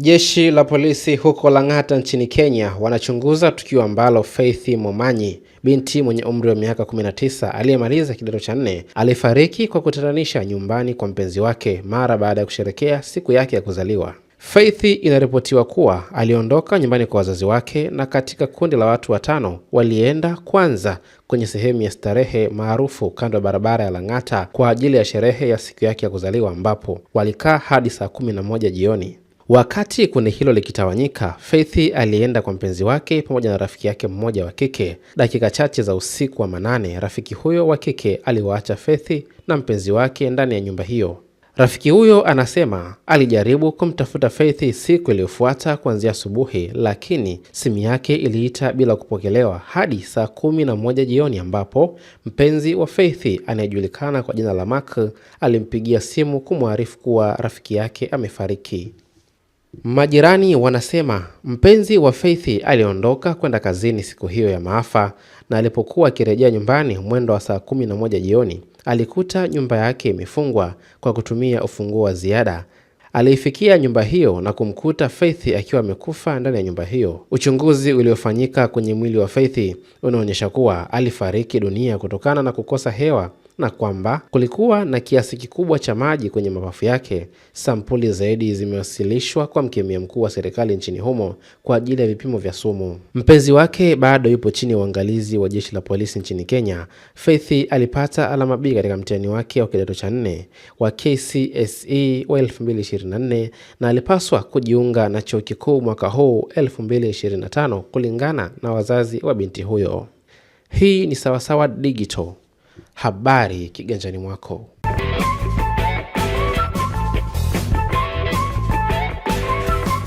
Jeshi la polisi huko Lang'ata nchini Kenya wanachunguza tukio ambalo Faith Momanyi, binti mwenye umri wa miaka 19 aliyemaliza kidato cha nne, alifariki kwa kutatanisha nyumbani kwa mpenzi wake mara baada ya kusherekea siku yake ya kuzaliwa. Faith inaripotiwa kuwa aliondoka nyumbani kwa wazazi wake na katika kundi la watu watano walienda kwanza kwenye sehemu ya starehe maarufu kando ya barabara ya Lang'ata kwa ajili ya sherehe ya siku yake ya kuzaliwa ambapo walikaa hadi saa kumi na moja jioni. Wakati kundi hilo likitawanyika, feithi alienda kwa mpenzi wake pamoja na rafiki yake mmoja wa kike. Dakika chache za usiku wa manane, rafiki huyo wa kike aliwaacha Faith na mpenzi wake ndani ya nyumba hiyo. Rafiki huyo anasema alijaribu kumtafuta Faith siku iliyofuata kuanzia asubuhi, lakini simu yake iliita bila kupokelewa hadi saa kumi na moja jioni ambapo mpenzi wa feithi anayejulikana kwa jina la Mark alimpigia simu kumwarifu kuwa rafiki yake amefariki. Majirani wanasema mpenzi wa Faith aliondoka kwenda kazini siku hiyo ya maafa na alipokuwa akirejea nyumbani mwendo wa saa kumi na moja jioni alikuta nyumba yake imefungwa kwa kutumia ufunguo wa ziada. Aliifikia nyumba hiyo na kumkuta Faith akiwa amekufa ndani ya nyumba hiyo. Uchunguzi uliofanyika kwenye mwili wa Faith unaonyesha kuwa alifariki dunia kutokana na kukosa hewa na kwamba kulikuwa na kiasi kikubwa cha maji kwenye mapafu yake. Sampuli zaidi zimewasilishwa kwa mkemia mkuu wa serikali nchini humo kwa ajili ya vipimo vya sumu. Mpenzi wake bado yupo chini ya uangalizi wa jeshi la polisi nchini Kenya. Faith alipata alama B katika mtihani wake wa kidato cha nne wa KCSE wa 2024 na alipaswa kujiunga na chuo kikuu mwaka huu 2025 kulingana na wazazi wa binti huyo. Hii ni Sawasawa Digital habari kiganjani mwako.